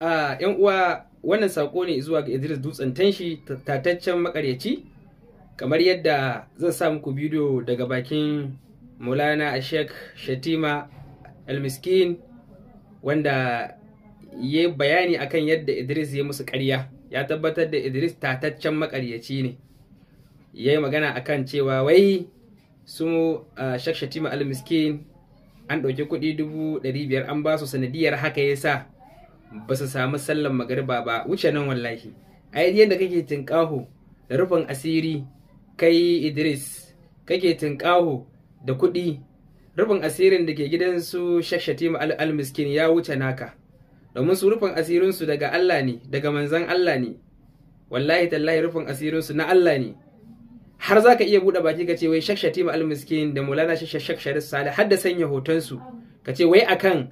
a yan uwa wannan sako ne zuwa ga Idris Dutsen Tanshi tataccen makaryaci kamar yadda zan sa muku bidiyo daga bakin Maulana Sheikh Shatima Al-Miskin wanda ya bayani akan yadda Idris ya musu ƙarya ya tabbatar da Idris tataccen makaryaci ne ya yi magana akan cewa wai su Sheikh Shatima Al-Miskin an ɗauki kuɗi dubu ɗari biyar an ba su sanadiyar haka ya sa ba su samu sallan magariba ba wuce nan wallahi a yadda kake tinkaho da rufin asiri kai idris kake tinkaho da kuɗi rufin asirin da ke gidansu shashati ma miskin ya wuce naka domin su rufin asirinsu daga Allah ne daga manzan Allah ne wallahi tallahi rufin asirinsu na Allah ne har za ka iya buɗe baki ka ce wai shakshatima ma miskin da mulana shakshari sale har da sanya hotonsu ka ce wai akan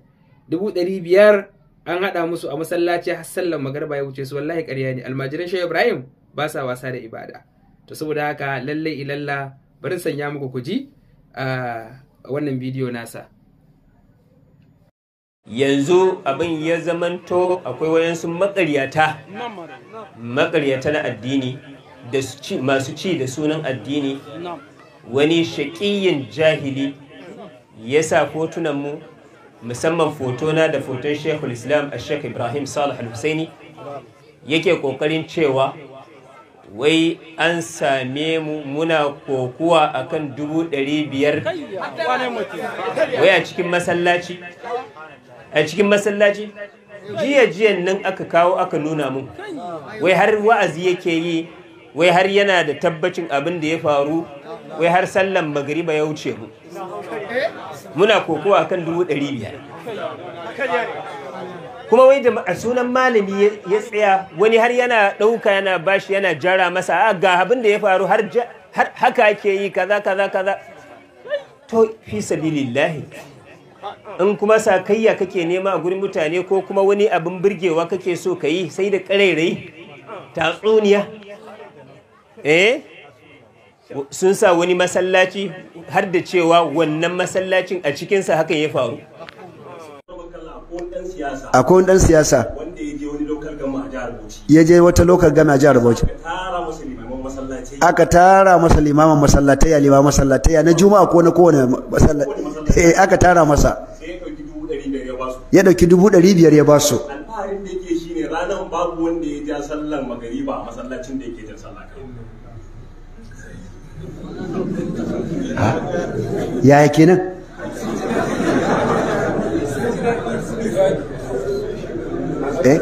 dubu ɗari biyar an haɗa musu a masallaci har sallan magarba ya wuce su wallahi ƙarya ne almajiran shehu ibrahim ba sa wasa da ibada to saboda haka lalle ilalla bari sanya muku kuji a wannan bidiyo nasa yanzu abin ya zamanto akwai wayansu makaryata makaryata na addini masu ci da sunan addini wani shaƙiyin jahili ya sa mu musamman fotona da foton shekul islam a shek ibrahim salih al-husaini yake kokarin cewa wai an same mu muna kokuwa akan dubu ɗari biyar wai a cikin masallaci a cikin masallaci jiya nan aka kawo aka nuna mun wai har wa'azi yake yi wai har yana da tabbacin abin da ya faru wai har sallan magariba ya wuce mu muna kokowa kan dubu ɗari biyar kuma wai da sunan malami ya tsaya wani har yana ɗauka yana bashi yana jara masa a ah, ga abin da ya faru har haka ke yi kaza kaza kaza to fi sabilillahi in kuma sakayya kake nema a gurin mutane ko kuma wani abin birgewa kake so ka yi sai da ƙarairayi tatsuniya eh sun sa wani masallaci har da cewa wannan masallacin a cikinsa hakan ya faru a kowane ɗan siyasa ya je wata lokar gama a jihar Bauchi aka tara masa limaman masallataya limaman masallataya na juma'a ko na kowane masallaci eh, aka tara masa ya dauki dubu ɗari biyar ya ba su alfaharin da yake shine ranar babu wanda ya ja sallar magariba a masallacin da ke jan sallaka. yaya kenan eh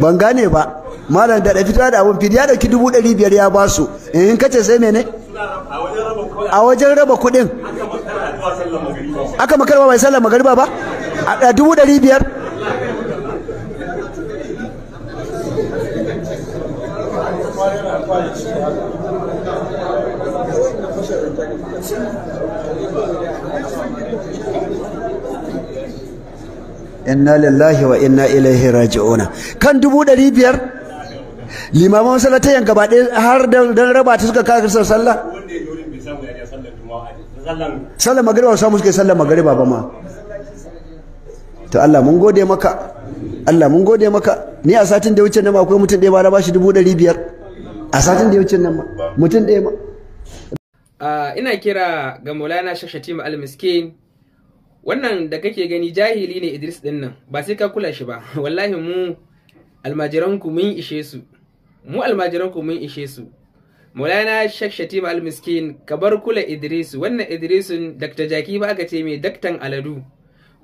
ban gane ba malam da fita da abun fili ya dauki dubu ɗari biyar ya basu eh, in kace sai mene a wajen raba kuɗin aka makarwa mai sallar magariba ba a dubu ɗari biyar inna lillahi wa inna ilaihi raji'una kan dubu ɗari biyar limaman yan gaba ɗaya har dan raba ta suka kaga sallah sallar magariba samu ke sallah magariba ba ma to Allah mun gode maka Allah mun gode maka ni a satin da wuce na akwai mutum ɗaya ba na bashi dubu ɗari biyar a satin da ya wuce nan ba mutum ɗaya ba ina kira ga maulana shashatima al-miskin wannan da kake gani jahili ne idris din nan ba sai ka kula shi ba wallahi mu almajiranku mun ishe su mu almajiranku mun ishe su maulana shakshatima al-miskin ka bar kula Idris. wannan idrisun dakta jaki ba aka ce mai daktan aladu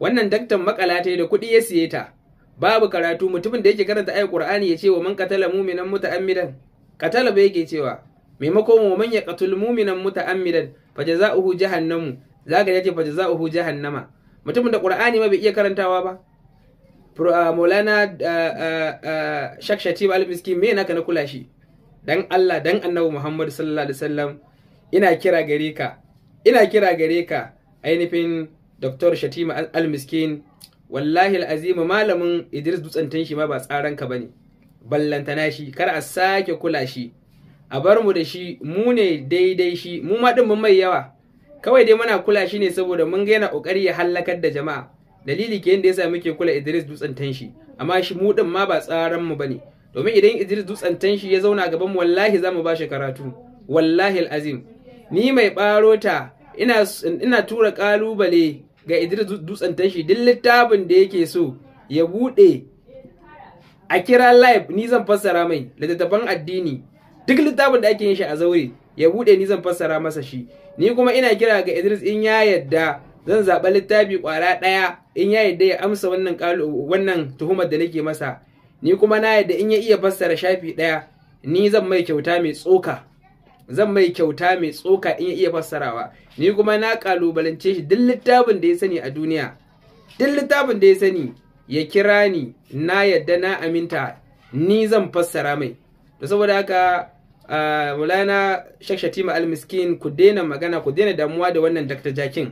wannan daktan makala ta yi da kuɗi ya siye ta babu karatu mutumin da yake karanta ayi qur'ani ya ce wa man qatala mu'minan muta'ammidan katalaba yake cewa maimakon wa man yaqtul mu'minan muta'ammidan fa jazaohu jahannamu zaka yace fa jazaohu jahannama mutumin da qur'ani ma bai iya karantawa ba ah, Maulana ah, ah, Shakshati al-Miskin me naka na kula shi dan Allah dan Annabi Muhammad sallallahu alaihi wasallam ina kira gare ka ina kira gare ka ainihin Dr. Shatima al-Miskin wallahi al-azim malamin Idris Dutsantan shi ma ba tsaran ka bane ballantana shi kar a sake kula shi a bar mu da shi mu ne daidai shi mu ma mun mai yawa kawai dai muna kula shi ne saboda mun ga yana kokari ya hallakar da jama'a dalili ke ya yasa muke kula Idris dutsen tanshi amma shi mu din ma ba tsaran mu ne. domin idan Idris dutsen tanshi ya zauna gaban wallahi za mu shi karatu wallahi azim ni mai barota ina tura ƙalubale ga Idris dutsen tanshi duk littafin da yake so ya buɗe. a kira live ni zan fassara mai littattafan addini duk littafin da ake yin shi a zaure ya bude ni zan fassara masa shi ni kuma ina kira ga Idris in ya yadda zan zaɓa littafi ƙwara ɗaya in ya yadda ya amsa wannan wannan tuhumar da nake masa ni kuma na yadda in ya iya fassara shafi ɗaya ni zan mai kyauta mai tsoka zan mai kyauta mai tsoka in ya iya fassarawa ni kuma na ƙalubalance shi duk littafin da ya sani a duniya duk littafin da ya sani ya kira ni na yadda na aminta ni zan fassara mai da saboda haka mulana shakshatima almiskin ku daina magana ku daina damuwa da wannan dakta jakin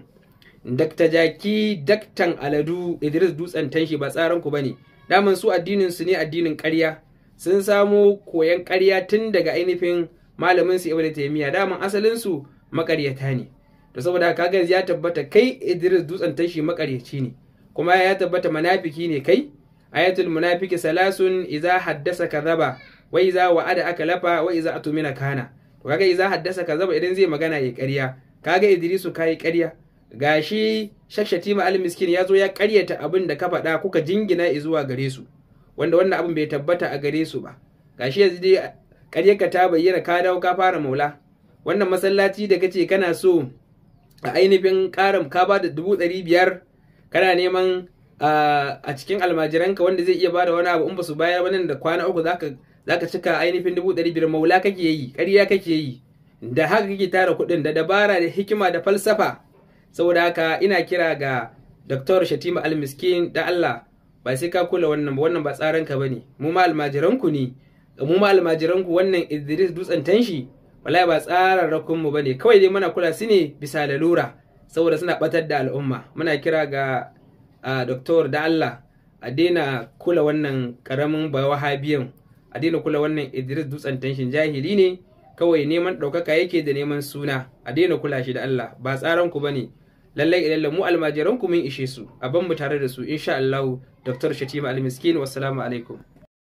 dakta jaki daktan aladu idris dutsen tanshi ba tsaron ku bane daman su addinin su ne addinin ƙarya sun samo koyan ƙarya tun daga ainihin malaminsu su ibnu taymiya daman asalinsu su maƙaryata ne da saboda haka ya tabbata kai idris dutsen tanshi maƙaryaci ne kuma ya tabbata munafiki ne kai ayatul munafiki salasun idza haddasa kadhaba wa idza wa'ada akalafa wa idza atumina kana to kaga idza haddasa kadhaba idan zai magana ya ƙarya kaga idrisu kai ƙarya gashi shakshati ma almiskin ya zo ya ƙaryata abin da ka faɗa kuka jingina zuwa gare su wanda wannan abin bai tabbata a gare su ba gashi yanzu dai ƙaryarka ta bayyana ka dawo ka fara maula wannan masallaci da ka kace kana so a ainihin ƙaram ka ba da dubu ɗari biyar kana neman a cikin almajiranka wanda zai iya bada wani abu in ba su bayar wani da kwana uku zaka zaka cika ainihin dubu ɗari biyar maula kake yi ƙarya kake yi da haka kake tara kuɗin da dabara da hikima da falsafa saboda haka ina kira ga Dr. Shatima Almiskin da Allah ba sai ka kula wannan ba wannan ba tsaran ka bane mu ma ku ne mu ma almajiranku wannan Idris dutsen tanshi wallahi ba tsaran rakun mu ne? kawai dai muna kula su ne bisa lalura saboda suna ɓatar da al'umma muna kira ga doktor da Allah a daina kula wannan karamin bawahabiyan a daina kula wannan Idris dutsen tanshin jahili ne kawai neman ɗaukaka yake da neman suna a daina kula shi da Allah ba tsaron ku ne lallai idan mu almajiranku ku mun ishe su a ban mu tare da su insha Allah Dr. Shatima Al-Miskin wassalamu alaikum